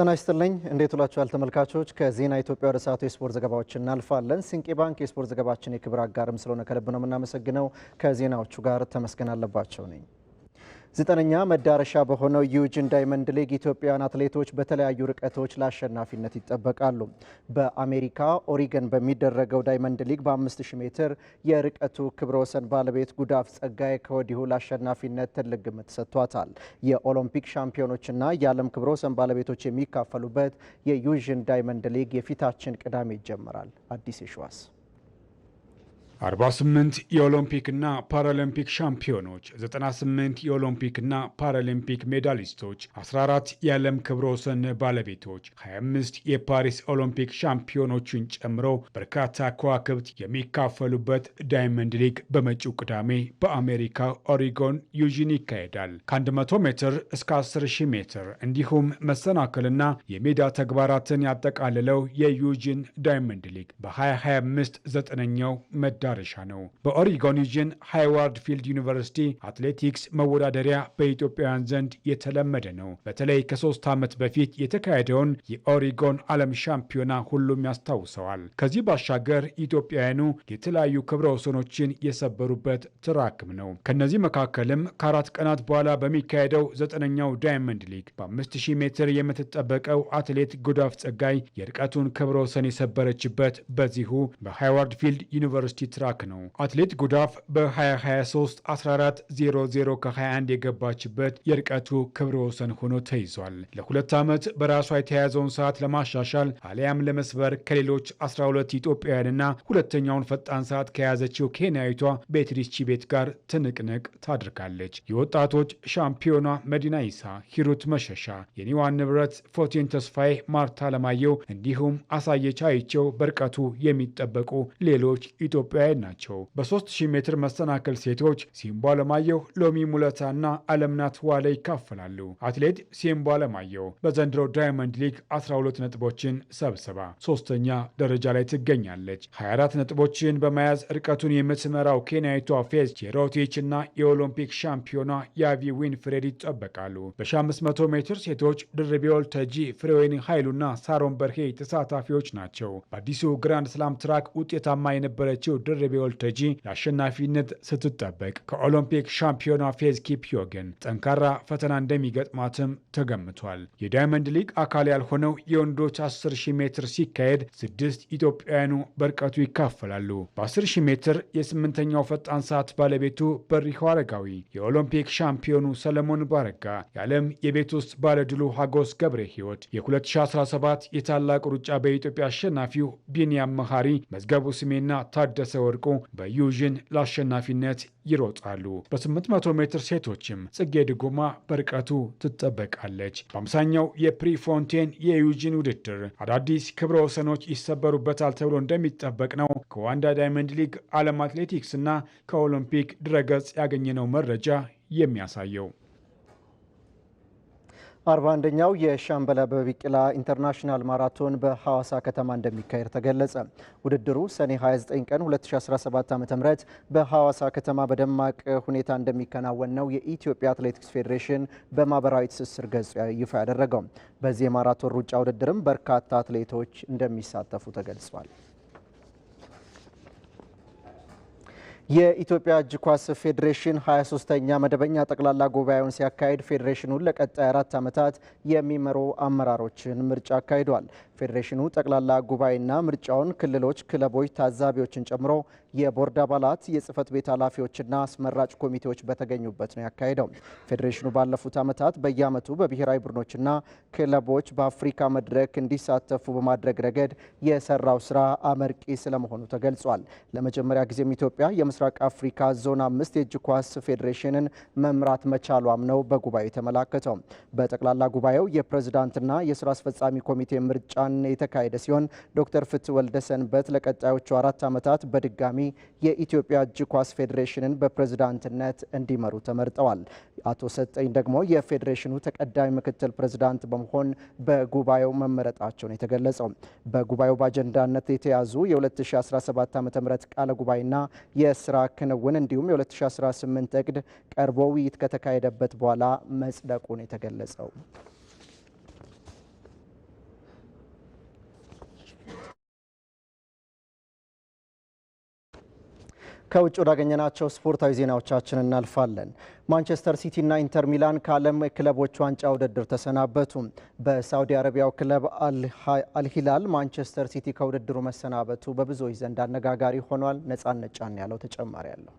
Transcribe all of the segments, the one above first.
ጤና ይስጥልኝ እንዴት ውላችኋል ተመልካቾች ከዜና ኢትዮጵያ ወደ ሰዓቱ የስፖርት ዘገባዎች እናልፋለን ሲንቄ ባንክ የስፖርት ዘገባችን የክብር አጋርም ስለሆነ ከልብ ነው የምናመሰግነው ከዜናዎቹ ጋር ተመስገን አለባቸው ነኝ ዘጠነኛ መዳረሻ በሆነው ዩጂን ዳይመንድ ሊግ ኢትዮጵያውያን አትሌቶች በተለያዩ ርቀቶች ለአሸናፊነት ይጠበቃሉ። በአሜሪካ ኦሪገን በሚደረገው ዳይመንድ ሊግ በ5000 ሜትር የርቀቱ ክብረ ወሰን ባለቤት ጉዳፍ ጸጋይ ከወዲሁ ለአሸናፊነት ትልቅ ግምት ሰጥቷታል። የኦሎምፒክ ሻምፒዮኖችና የዓለም ክብረ ወሰን ባለቤቶች የሚካፈሉበት የዩጂን ዳይመንድ ሊግ የፊታችን ቅዳሜ ይጀምራል። አዲስ ይሸዋስ 48 የኦሎምፒክና ፓራሊምፒክ ሻምፒዮኖች፣ 98 የኦሎምፒክና ፓራሊምፒክ ሜዳሊስቶች፣ 14 የዓለም ክብረ ወሰን ባለቤቶች፣ 25 የፓሪስ ኦሎምፒክ ሻምፒዮኖችን ጨምሮ በርካታ ከዋክብት የሚካፈሉበት ዳይመንድ ሊግ በመጪው ቅዳሜ በአሜሪካ ኦሪጎን ዩዥን ይካሄዳል። ከ100 ሜትር እስከ 10000 ሜትር እንዲሁም መሰናክልና የሜዳ ተግባራትን ያጠቃልለው የዩጂን ዳይመንድ ሊግ በ2025 ዘጠነኛው መዳ መዳረሻ ነው። በኦሪጎን ሃይዋርድ ፊልድ ዩኒቨርሲቲ አትሌቲክስ መወዳደሪያ በኢትዮጵያውያን ዘንድ የተለመደ ነው። በተለይ ከሶስት ዓመት በፊት የተካሄደውን የኦሪጎን ዓለም ሻምፒዮና ሁሉም ያስታውሰዋል። ከዚህ ባሻገር ኢትዮጵያውያኑ የተለያዩ ክብረ ወሰኖችን የሰበሩበት ትራክም ነው። ከነዚህ መካከልም ከአራት ቀናት በኋላ በሚካሄደው ዘጠነኛው ዳይመንድ ሊግ በ5000 ሜትር የምትጠበቀው አትሌት ጉዳፍ ጸጋይ የርቀቱን ክብረ ወሰን የሰበረችበት በዚሁ በሃይዋርድ ፊልድ ዩኒቨርሲቲ ትራክ ነው። አትሌት ጉዳፍ በ2023 1400 ከ21 የገባችበት የርቀቱ ክብረ ወሰን ሆኖ ተይዟል። ለሁለት ዓመት በራሷ የተያዘውን ሰዓት ለማሻሻል አሊያም ለመስበር ከሌሎች 12 ኢትዮጵያውያንና ሁለተኛውን ፈጣን ሰዓት ከያዘችው ኬንያዊቷ ቤትሪስ ቺቤት ጋር ትንቅንቅ ታድርጋለች። የወጣቶች ሻምፒዮኗ መዲና ይሳ፣ ሂሩት መሸሻ፣ የኒዋን ንብረት፣ ፎቴን ተስፋዬ፣ ማርታ ለማየው እንዲሁም አሳየች አይቸው በርቀቱ የሚጠበቁ ሌሎች ኢትዮጵያ ሚካኤል ናቸው። በ3000 ሜትር መሰናክል ሴቶች ሲምቦ አለማየሁ፣ ሎሚ ሙለታና አለምናት ዋለ ይካፈላሉ። አትሌት ሲምቦ አለማየሁ በዘንድሮ ዳይመንድ ሊግ 12 ነጥቦችን ሰብስባ ሶስተኛ ደረጃ ላይ ትገኛለች። 24 ነጥቦችን በመያዝ ርቀቱን የምትመራው ኬንያዊቷ ፌዝ ቼሮቲች እና የኦሎምፒክ ሻምፒዮኗ ያቪ ዊንፍሬድ ይጠበቃሉ። በ500 ሜትር ሴቶች ድርቤ ወልተጂ፣ ፍሬወይኒ ኃይሉና ሳሮን በርሄ ተሳታፊዎች ናቸው። በአዲሱ ግራንድ ስላም ትራክ ውጤታማ የነበረችው ደርቤ ወልተጂ ለአሸናፊነት ስትጠበቅ ከኦሎምፒክ ሻምፒዮኗ ፌዝ ግን ጠንካራ ፈተና እንደሚገጥማትም ተገምቷል። የዳይመንድ ሊግ አካል ያልሆነው የወንዶች 10000 ሜትር ሲካሄድ ስድስት ኢትዮጵያውያኑ በርቀቱ ይካፈላሉ። በ10000 ሜትር የስምንተኛው ፈጣን ሰዓት ባለቤቱ በሪሁ አረጋዊ፣ የኦሎምፒክ ሻምፒዮኑ ሰለሞን ባረጋ፣ የዓለም የቤት ውስጥ ባለድሉ ሀጎስ ገብረ ህይወት የ የ2017 የታላቅ ሩጫ በኢትዮጵያ አሸናፊው ቢንያም መሃሪ፣ መዝገቡ ስሜና ታደሰ ወርቁ በዩዥን ለአሸናፊነት ይሮጣሉ። በ800 ሜትር ሴቶችም ጽጌ ድጎማ በርቀቱ ትጠበቃለች። በአምሳኛው የፕሪፎንቴን የዩዥን ውድድር አዳዲስ ክብረ ወሰኖች ይሰበሩበታል ተብሎ እንደሚጠበቅ ነው ከዋንዳ ዳይመንድ ሊግ ዓለም አትሌቲክስ እና ከኦሎምፒክ ድረገጽ ያገኘነው መረጃ የሚያሳየው። አርባ አንደኛው የሻምበል አበበ ቢቂላ ኢንተርናሽናል ማራቶን በሐዋሳ ከተማ እንደሚካሄድ ተገለጸ። ውድድሩ ሰኔ 29 ቀን 2017 ዓ ም በሐዋሳ ከተማ በደማቅ ሁኔታ እንደሚከናወን ነው የኢትዮጵያ አትሌቲክስ ፌዴሬሽን በማህበራዊ ትስስር ገጽ ይፋ ያደረገው። በዚህ የማራቶን ሩጫ ውድድርም በርካታ አትሌቶች እንደሚሳተፉ ተገልጿል። የኢትዮጵያ እጅ ኳስ ፌዴሬሽን 23ኛ መደበኛ ጠቅላላ ጉባኤውን ሲያካሂድ ፌዴሬሽኑን ለቀጣይ አራት ዓመታት የሚመሩ አመራሮችን ምርጫ አካሂዷል። ፌዴሬሽኑ ጠቅላላ ጉባኤና ምርጫውን ክልሎች፣ ክለቦች፣ ታዛቢዎችን ጨምሮ የቦርድ አባላት፣ የጽህፈት ቤት ኃላፊዎችና አስመራጭ ኮሚቴዎች በተገኙበት ነው ያካሄደው። ፌዴሬሽኑ ባለፉት ዓመታት በየዓመቱ በብሔራዊ ቡድኖችና ክለቦች በአፍሪካ መድረክ እንዲሳተፉ በማድረግ ረገድ የሰራው ስራ አመርቂ ስለመሆኑ ተገልጿል። ለመጀመሪያ ጊዜም ኢትዮጵያ የምስራቅ አፍሪካ ዞን አምስት የእጅ ኳስ ፌዴሬሽንን መምራት መቻሏም ነው በጉባኤው የተመላከተው። በጠቅላላ ጉባኤው የፕሬዝዳንትና የስራ አስፈጻሚ ኮሚቴ ምርጫን የተካሄደ ሲሆን ዶክተር ፍትህ ወልደሰንበት ለቀጣዮቹ አራት ዓመታት በድጋሚ የኢትዮጵያ እጅ ኳስ ፌዴሬሽንን በፕሬዝዳንትነት እንዲመሩ ተመርጠዋል። አቶ ሰጠኝ ደግሞ የፌዴሬሽኑ ተቀዳሚ ምክትል ፕሬዝዳንት በመሆን በጉባኤው መመረጣቸውን የተገለጸው በጉባኤው በአጀንዳነት የተያዙ የ2017 ዓ ም ቃለ ጉባኤና የስራ ክንውን እንዲሁም የ2018 እቅድ ቀርቦ ውይይት ከተካሄደበት በኋላ መጽደቁን የተገለጸው ከውጭ ወዳገኘናቸው ስፖርታዊ ዜናዎቻችን እናልፋለን። ማንቸስተር ሲቲና ኢንተር ሚላን ከዓለም ክለቦች ዋንጫ ውድድር ተሰናበቱ። በሳውዲ አረቢያው ክለብ አልሂላል ማንቸስተር ሲቲ ከውድድሩ መሰናበቱ በብዙዎች ዘንድ አነጋጋሪ ሆኗል። ነጻነት ጫን ያለው ተጨማሪ አለው።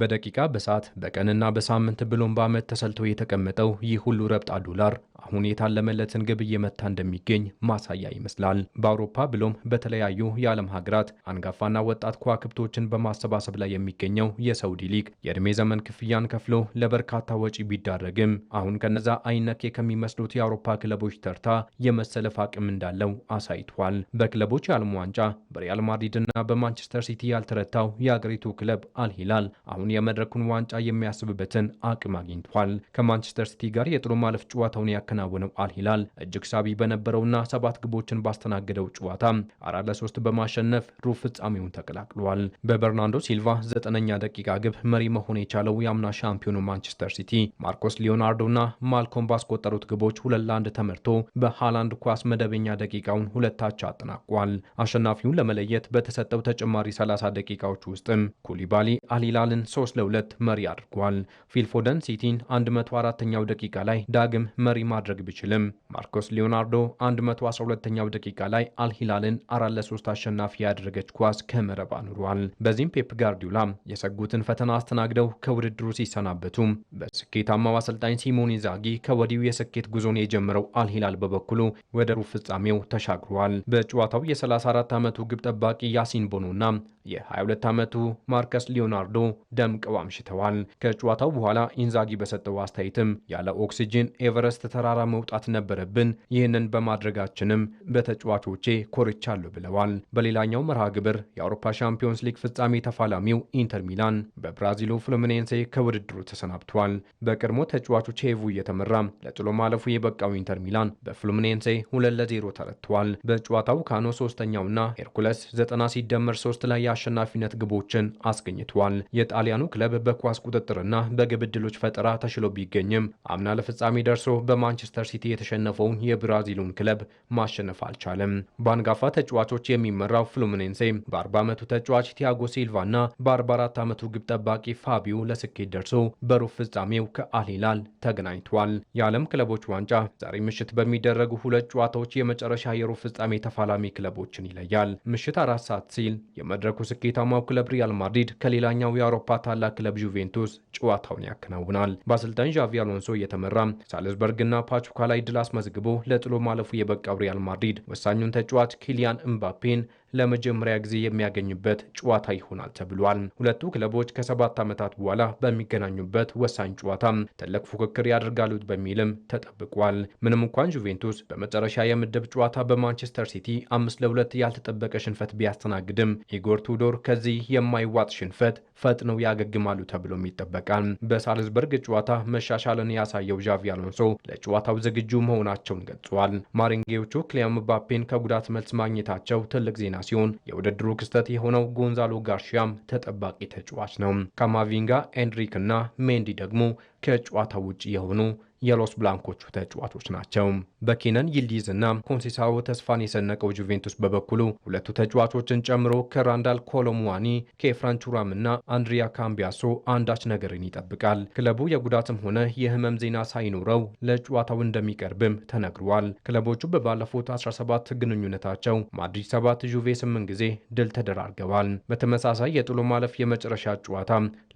በደቂቃ በሰዓት በቀንና በሳምንት ብሎም በዓመት ተሰልቶ የተቀመጠው ይህ ሁሉ ረብጣ ዶላር አሁን የታለመለትን ግብ እየመታ እንደሚገኝ ማሳያ ይመስላል። በአውሮፓ ብሎም በተለያዩ የዓለም ሀገራት አንጋፋና ወጣት ከዋክብቶችን በማሰባሰብ ላይ የሚገኘው የሳውዲ ሊግ የእድሜ ዘመን ክፍያን ከፍሎ ለበርካታ ወጪ ቢዳረግም አሁን ከነዛ አይነኬ ከሚመስሉት የአውሮፓ ክለቦች ተርታ የመሰለፍ አቅም እንዳለው አሳይቷል። በክለቦች የዓለም ዋንጫ በሪያል ማድሪድ በማንቸስተር ሲቲ ያልተረታው የአገሪቱ ክለብ አልሂላል አሁን የመድረኩን ዋንጫ የሚያስብበትን አቅም አግኝቷል። ከማንቸስተር ሲቲ ጋር የጥሎ ማለፍ ጨዋታውን ያከናወነው አልሂላል እጅግ ሳቢ በነበረውና ሰባት ግቦችን ባስተናገደው ጨዋታ አራት ለሶስት በማሸነፍ ሩብ ፍጻሜውን ተቀላቅሏል። በበርናንዶ ሲልቫ ዘጠነኛ ደቂቃ ግብ መሪ መሆን የቻለው የአምና ሻምፒዮኑ ማንቸስተር ሲቲ ማርኮስ ሊዮናርዶና ማልኮም ባስቆጠሩት ግቦች ሁለት ለአንድ ተመርቶ በሃላንድ ኳስ መደበኛ ደቂቃውን ሁለታቻ አጠናቋል። አሸናፊውን ለመለየት በተሰጠው ተጨማሪ 30 ደቂቃዎች ውስጥም ኩሊባሊ አልሂላልን 3 ለ2 መሪ አድርጓል። ፊልፎደን ሲቲን 104ኛው ደቂቃ ላይ ዳግም መሪ ማድረግ ቢችልም ማርኮስ ሊዮናርዶ 112ኛው ደቂቃ ላይ አልሂላልን 4 ለ3 አሸናፊ ያደረገች ኳስ ከመረብ አኑሯል። በዚህም ፔፕ ጋርዲዮላ የሰጉትን ፈተና አስተናግደው ከውድድሩ ሲሰናበቱ በስኬታማው አሰልጣኝ ሲሞኒ ዛጊ ከወዲሁ የስኬት ጉዞን የጀመረው አልሂላል በበኩሉ ወደ ሩብ ፍጻሜው ተሻግሯል። በጨዋታው የ34 ዓመቱ ግብ ጠባቂ ያሲን ቦኖና የ22 ዓመቱ ማርከስ ሊዮናርዶ ደምቀው አምሽተዋል። ከጨዋታው በኋላ ኢንዛጊ በሰጠው አስተያየትም ያለ ኦክሲጅን ኤቨረስት ተራራ መውጣት ነበረብን፣ ይህንን በማድረጋችንም በተጫዋቾቼ ኮርቻለሁ ብለዋል። በሌላኛው መርሃ ግብር የአውሮፓ ሻምፒዮንስ ሊግ ፍጻሜ ተፋላሚው ኢንተር ሚላን በብራዚሉ ፍሉሚኔንሴ ከውድድሩ ተሰናብቷል። በቀድሞ ተጫዋቹ ቼቩ እየተመራ ለጥሎ ማለፉ የበቃው ኢንተር ሚላን በፍሉሚኔንሴ ሁለት ለዜሮ ተረትቷል። በጨዋታው ካኖ ሶስተኛውና ሄርኩለስ ዘጠና ሲደመር ሶስት ላይ የአሸናፊነት ግቦችን አስገኝቷል። የጣሊያ የጣሊያኑ ክለብ በኳስ ቁጥጥርና በግብ ዕድሎች ፈጠራ ተሽሎ ቢገኝም አምና ለፍጻሜ ደርሶ በማንቸስተር ሲቲ የተሸነፈውን የብራዚሉን ክለብ ማሸነፍ አልቻለም። በአንጋፋ ተጫዋቾች የሚመራው ፍሉሚኔንሴ በ40 ዓመቱ ተጫዋች ቲያጎ ሲልቫና በ44 ዓመቱ ግብ ጠባቂ ፋቢዮ ለስኬት ደርሶ በሩብ ፍጻሜው ከአልሂላል ተገናኝቷል። የዓለም ክለቦች ዋንጫ ዛሬ ምሽት በሚደረጉ ሁለት ጨዋታዎች የመጨረሻ የሩብ ፍጻሜ ተፋላሚ ክለቦችን ይለያል። ምሽት አራት ሰዓት ሲል የመድረኩ ስኬታማው ክለብ ሪያል ማድሪድ ከሌላኛው የአውሮፓ ታላቅ ክለብ ጁቬንቱስ ጨዋታውን ያከናውናል። በአሰልጣኝ ዣቪ አሎንሶ እየተመራ ሳልስበርግና ፓቹካ ላይ ድል አስመዝግቦ ለጥሎ ማለፉ የበቃው ሪያል ማድሪድ ወሳኙን ተጫዋች ኪሊያን እምባፔን ለመጀመሪያ ጊዜ የሚያገኝበት ጨዋታ ይሆናል ተብሏል። ሁለቱ ክለቦች ከሰባት ዓመታት በኋላ በሚገናኙበት ወሳኝ ጨዋታ ትልቅ ፉክክር ያደርጋሉ በሚልም ተጠብቋል። ምንም እንኳን ጁቬንቱስ በመጨረሻ የምድብ ጨዋታ በማንቸስተር ሲቲ አምስት ለሁለት ያልተጠበቀ ሽንፈት ቢያስተናግድም ኢጎር ቱዶር ከዚህ የማይዋጥ ሽንፈት ፈጥነው ያገግማሉ ተብሎም ይጠበቃል። በሳልዝበርግ ጨዋታ መሻሻልን ያሳየው ዣቪ አሎንሶ ለጨዋታው ዝግጁ መሆናቸውን ገልጿል። ማሪንጌዎቹ ክሊያም ባፔን ከጉዳት መልስ ማግኘታቸው ትልቅ ዜና ሲሆን የውድድሩ ክስተት የሆነው ጎንዛሎ ጋርሺያም ተጠባቂ ተጫዋች ነው። ካማቪንጋ፣ ኤንድሪክ እና ሜንዲ ደግሞ ከጨዋታ ውጭ የሆኑ የሎስ ብላንኮቹ ተጫዋቾች ናቸው። በኬነን ይልዲዝና ኮንሲሳዎ ተስፋን የሰነቀው ጁቬንቱስ በበኩሉ ሁለቱ ተጫዋቾችን ጨምሮ ከራንዳል ኮሎሙዋኒ፣ ከኤፍራን ቹራምና አንድሪያ ካምቢያሶ አንዳች ነገርን ይጠብቃል። ክለቡ የጉዳትም ሆነ የህመም ዜና ሳይኖረው ለጨዋታው እንደሚቀርብም ተነግሯል። ክለቦቹ በባለፉት 17 ግንኙነታቸው ማድሪድ 7 ጁቬ 8 ጊዜ ድል ተደራርገዋል። በተመሳሳይ የጥሎ ማለፍ የመጨረሻ ጨዋታ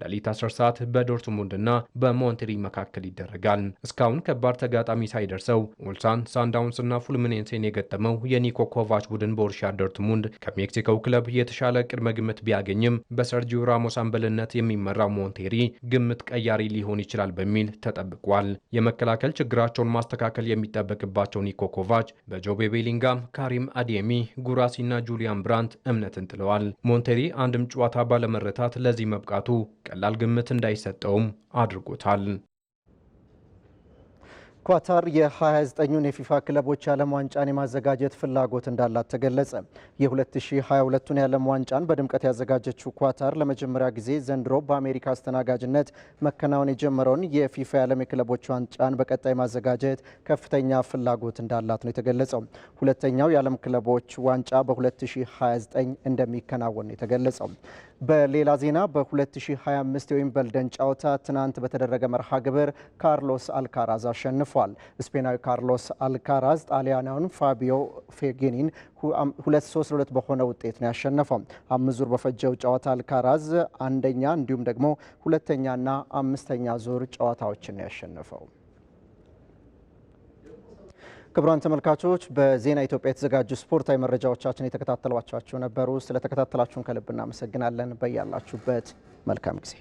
ሌሊት 10 ሰዓት በዶርትሙንድና በሞንትሪ መካከል ይደረጋል። እስካሁን ከባድ ተጋጣሚ ሳይደርሰው ኦልሳ ሚላን፣ ሳንዳውንስ እና ፉልምኔንሴን የገጠመው የኒኮ ኮቫች ቡድን ቦሩሺያ ዶርትሙንድ ከሜክሲኮው ክለብ የተሻለ ቅድመ ግምት ቢያገኝም በሰርጂዮ ራሞስ አንበልነት የሚመራው ሞንቴሪ ግምት ቀያሪ ሊሆን ይችላል በሚል ተጠብቋል። የመከላከል ችግራቸውን ማስተካከል የሚጠበቅባቸው ኒኮ ኮቫች በጆቤ ቤሊንጋም፣ ካሪም አዴሚ፣ ጉራሲ እና ጁሊያን ብራንት እምነትን ጥለዋል። ሞንቴሪ አንድም ጨዋታ ባለመረታት ለዚህ መብቃቱ ቀላል ግምት እንዳይሰጠውም አድርጎታል። ኳታር የ29ኙን የፊፋ ክለቦች የዓለም ዋንጫን የማዘጋጀት ፍላጎት እንዳላት ተገለጸ። የ2022ቱን የዓለም ዋንጫን በድምቀት ያዘጋጀችው ኳታር ለመጀመሪያ ጊዜ ዘንድሮ በአሜሪካ አስተናጋጅነት መከናወን የጀመረውን የፊፋ የዓለም የክለቦች ዋንጫን በቀጣይ ማዘጋጀት ከፍተኛ ፍላጎት እንዳላት ነው የተገለጸው። ሁለተኛው የዓለም ክለቦች ዋንጫ በ2029 እንደሚከናወን ነው የተገለጸው። በሌላ ዜና በ2025 የዊምበልደን ጨዋታ ትናንት በተደረገ መርሃ ግብር ካርሎስ አልካራዝ አሸንፏል። ስፔናዊ ካርሎስ አልካራዝ ጣሊያናውን ፋቢዮ ፌጌኒን ሁለት 3 ለሁለት በሆነ ውጤት ነው ያሸነፈው። አምስት ዙር በፈጀው ጨዋታ አልካራዝ አንደኛ እንዲሁም ደግሞ ሁለተኛና አምስተኛ ዙር ጨዋታዎችን ነው ያሸነፈው። ክቡራን ተመልካቾች በዜና ኢትዮጵያ የተዘጋጁ ስፖርታዊ መረጃዎቻችን የተከታተሏቸው ነበሩ። ስለተከታተላችሁን ከልብ እናመሰግናለን። በያላችሁበት መልካም ጊዜ